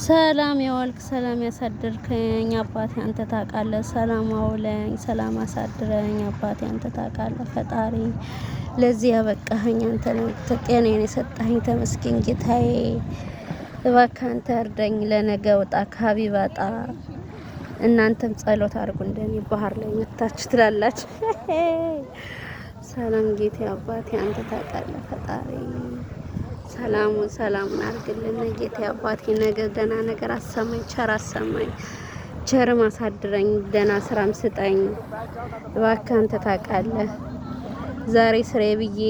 ሰላም ያዋልክ ሰላም ያሳድርከኝ አባቴ አንተ ታውቃለህ። ሰላም አውለኝ ሰላም አሳድረኝ አባቴ አንተ ታውቃለህ። ፈጣሪ ለዚህ ያበቃኸኝ አንተ ነው። ጤናዬን የሰጣኸኝ ተመስገን ጌታዬ። እባክህ አንተ እርደኝ። ለነገ ውጣ ከሀቢብ አጣ። እናንተም ጸሎት አድርጉ እንደኔ ባህር ላይ መታችሁ ትላላችሁ። ሰላም ጌታ አባቴ አንተ ታውቃለህ ፈጣሪ ሰላሙን ሰላሙን አርግልን ጌታ አባቴ። ነገ ደህና ነገር አሰማኝ፣ ቸር አሰማኝ፣ ቸር አሳድረኝ፣ ደህና ስራም ስጠኝ። እባክህ አንተ ታውቃለህ። ዛሬ ስሬ ብዬ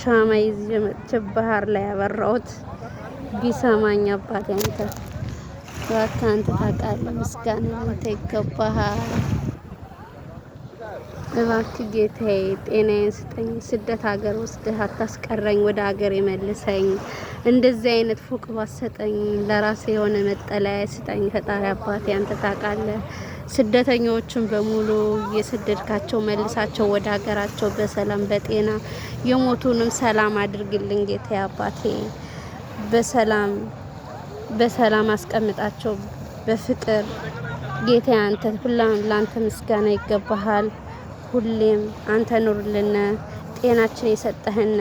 ሻማ ይዤ መጥቼ ባህር ላይ ያበራሁት ቢሰማኝ አባቴ አንተ እባክህ አንተ ታውቃለህ። ምስጋና አንተ ይገባሃል። እባክህ ጌታዬ ጤናዬን ስጠኝ። ስደት ሀገር ወስደህ አታስቀረኝ፣ ወደ ሀገር የመልሰኝ። እንደዚህ አይነት ፎቅ ባሰጠኝ፣ ለራሴ የሆነ መጠለያ ስጠኝ። ፈጣሪ አባቴ አንተ ታውቃለህ። ስደተኞችን በሙሉ የሰደድካቸው መልሳቸው ወደ ሀገራቸው በሰላም በጤና የሞቱንም ሰላም አድርግልን ጌታዬ አባቴ። በሰላም በሰላም አስቀምጣቸው በፍቅር ጌታ አንተ ሁላም ለአንተ ምስጋና ይገባሃል። ሁሌም አንተ ኑርልን፣ ጤናችን የሰጠህን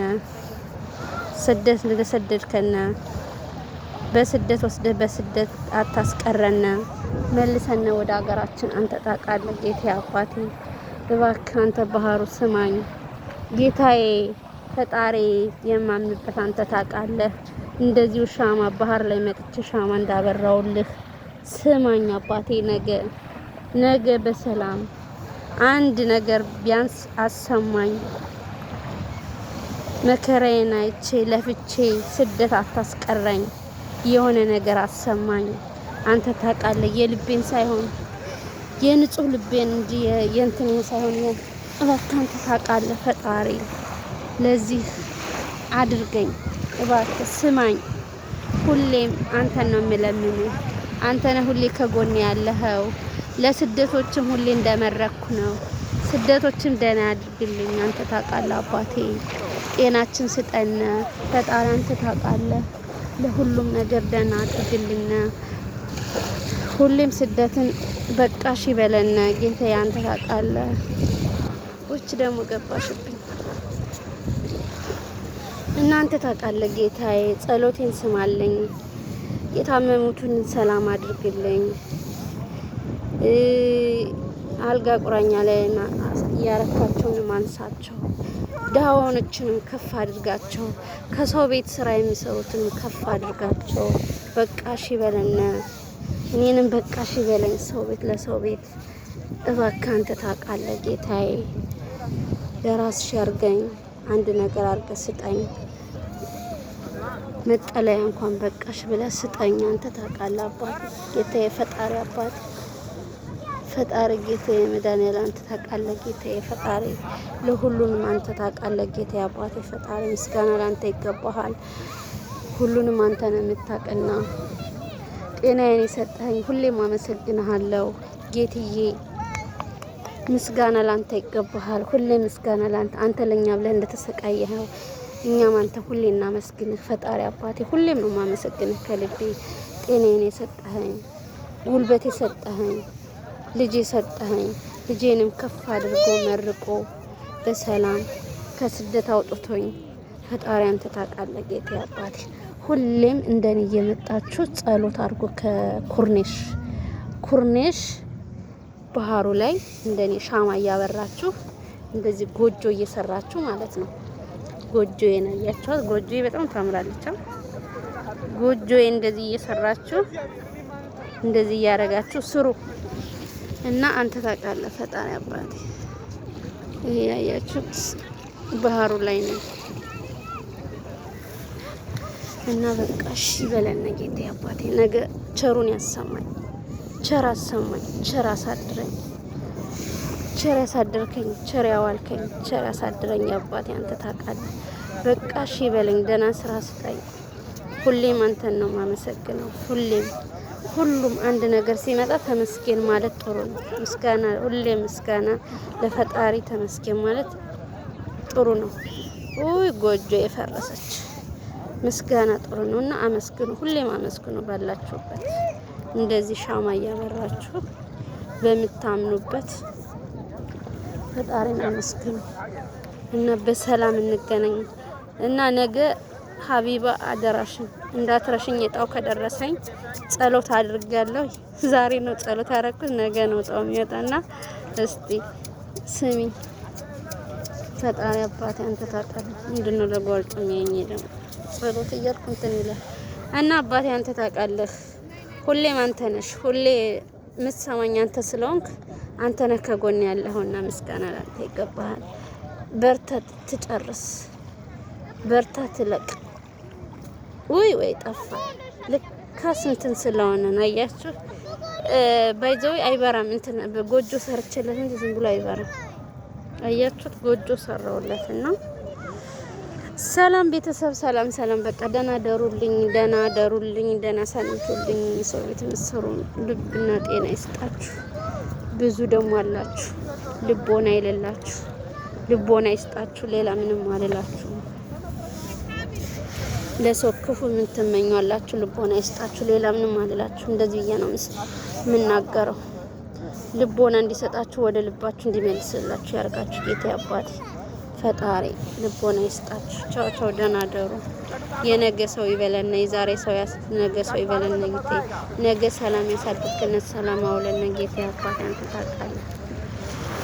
ስደት እንደተሰደድከን በስደት ወስደህ በስደት አታስቀረን፣ መልሰን ወደ ሀገራችን አንተ ታውቃለህ። ጌታ አባቴ እባክህ አንተ ባህሩ ስማኝ ጌታዬ ፈጣሪ የማምንበት አንተ ታውቃለህ። እንደዚሁ ሻማ ባህር ላይ መጥቼ ሻማ እንዳበራውልህ ስማኝ አባቴ፣ ነገ ነገ በሰላም አንድ ነገር ቢያንስ አሰማኝ። መከራዬን አይቼ ለፍቼ ስደት አታስቀረኝ። የሆነ ነገር አሰማኝ። አንተ ታውቃለህ የልቤን ሳይሆን የንጹህ ልቤን እንጂ የእንትን ሳይሆን እባክህ አንተ ታውቃለህ ፈጣሪ፣ ለዚህ አድርገኝ እባክህ ስማኝ። ሁሌም አንተን ነው የምለምንህ። አንተነ ሁሌ ከጎን ያለኸው። ለስደቶችም ሁሌ እንደመረኩ ነው። ስደቶችም ደህና አድርግልኝ። አንተ ታውቃለህ አባቴ። ጤናችን ስጠን ፈጣሪ፣ አንተ ታውቃለህ። ለሁሉም ነገር ደህና አድርግልኝ። ሁሌም ስደትን በቃሽ ይበለን ጌታ፣ አንተ ታውቃለህ። ውጭ ደግሞ ገባሽብኝ። እናንተ ታውቃለህ ጌታዬ፣ ጸሎቴን ስማለኝ። የታመሙትን ሰላም አድርግልኝ። አልጋ ቁራኛ ላይ ያረካቸውን ማንሳቸው፣ ድሃዎችንም ከፍ አድርጋቸው፣ ከሰው ቤት ስራ የሚሰሩትን ከፍ አድርጋቸው። በቃ ሺ በለነ እኔንም በቃ ሺ በለኝ። ሰው ቤት ለሰው ቤት እባክህ አንተ ታውቃለህ ጌታዬ፣ ለራስሽ አድርገኝ። አንድ ነገር አድርገህ ስጠኝ። መጠለያ እንኳን በቃሽ ብለህ ስጠኝ። አንተ ታውቃለህ አባት ጌታ ፈጣሪ አባት ፈጣሪ ጌታ መድኃኒዓለም አንተ ታውቃለህ ጌታ ፈጣሪ ለሁሉንም አንተ ታውቃለህ ጌታ አባት ፈጣሪ ምስጋና ለአንተ ይገባሃል። ሁሉንም አንተ ነው የምታውቅና ጤናዬን የሰጠኸኝ ሁሌም አመሰግንሃለሁ ጌትዬ። ምስጋና ለአንተ ይገባሃል። ሁሌ ምስጋና ለአንተ አንተ ለኛ ብለህ እንደተሰቃየኸው እኛም አንተ ሁሌ እናመስግንህ ፈጣሪ አባቴ፣ ሁሌም ነው ማመሰግንህ ከልቤ ጤኔን የሰጠኸኝ ጉልበት የሰጠኸኝ ልጅ የሰጠኸኝ ልጄንም ከፍ አድርጎ መርቆ በሰላም ከስደት አውጥቶኝ ፈጣሪ አንተ ታውቃለህ ጌቴ አባቴ። ሁሌም እንደኔ እየመጣችሁ ጸሎት አድርጎ ከኩርኔሽ ኩርኔሽ ባህሩ ላይ እንደኔ ሻማ እያበራችሁ እንደዚህ ጎጆ እየሰራችሁ ማለት ነው ጎጆ ነው ያያችኋት። ጎጆዬ በጣም ታምራለች። ጎጆ እንደዚህ እየሰራችሁ እንደዚህ እያደረጋችሁ ስሩ እና አንተ ታውቃለህ ፈጣሪ አባቴ። ይሄ ያያችሁት ባህሩ ላይ ነው እና በቃ እሺ በለን ጌታ አባቴ ነገ ቸሩን ያሰማኝ፣ ቸር አሰማኝ፣ ቸር አሳድረኝ። ቸር ያሳድርከኝ፣ ቸር ያዋልከኝ፣ ቸር ያሳድረኝ አባቴ አንተ ታውቃለህ። በቃ እሺ በለኝ፣ ደህና ስራ ስጠኝ። ሁሌም አንተን ነው የማመሰግነው። ሁሌም ሁሉም አንድ ነገር ሲመጣ ተመስገን ማለት ጥሩ ነው። ምስጋና ሁሌ ምስጋና ለፈጣሪ ተመስገን ማለት ጥሩ ነው። ውይ ጎጆ የፈረሰች ምስጋና ጥሩ ነው እና አመስግኑ፣ ሁሌም አመስግኑ። ባላችሁበት እንደዚህ ሻማ እያበራችሁ በምታምኑበት ፈጣሪ ይመስገን እና በሰላም እንገናኝ እና ነገ ሀቢባ አደራሽን እንዳትረሽኝ። የጣው ከደረሰኝ ጸሎት አድርጋለሁ። ዛሬ ነው ጸሎት ያደረኩት፣ ነገ ነው እጣው የሚወጣና እስቲ ስሚ ፈጣሪ አባቴ አንተ ታውቃለህ። ምንድን ነው ለጓልጡ የሚያኝ ደግሞ ጸሎት እያልኩ እንትን ይላል እና አባቴ አንተ ታውቃለህ፣ ሁሌም አንተ ነሽ ሁሌ የምትሰማኝ አንተ ስለሆንክ አንተ ነህ ከጎን ያለኸውና ምስጋና ላንተ ይገባሃል። በርታ ትጨርስ፣ በርታ ትለቅ። ውይ ወይ ጠፋ ልካ ስንትን ስለሆነ ነው። አያችሁ ባይዘዊ አይበራም። እንትን ጎጆ ሰርችለት እንጂ ዝም ብሎ አይበራም። አያችሁት? ጎጆ ሰራውለትና ሰላም ቤተሰብ፣ ሰላም ሰላም። በቃ ደህና ደሩልኝ፣ ደህና ደሩልኝ፣ ደህና ሰንቱልኝ። ሰው ቤት የምትሰሩ ልብና ጤና ይስጣችሁ። ብዙ ደግሞ አላችሁ፣ ልቦና የሌላችሁ ልቦና ይስጣችሁ። ሌላ ምንም አልላችሁ። ለሰው ክፉ ምን ትመኛላችሁ? ልቦና ይስጣችሁ። ሌላ ምንም አልላችሁ። እንደዚህ ብዬ ነው የምናገረው። ልቦና እንዲሰጣችሁ ወደ ልባችሁ እንዲመልስላችሁ ያርጋችሁ ጌታ አባቴ ፈጣሪ ልቦና ይስጣችሁ። ቻው ቻው፣ ደህና ደሩ። የነገ ሰው ይበለን፣ የዛሬ ሰው ነገ ሰው ይበለን። ነገ ሰላም ያሳድርከን፣ ሰላም አውለን። ጌቴ አባታን ትታቃለ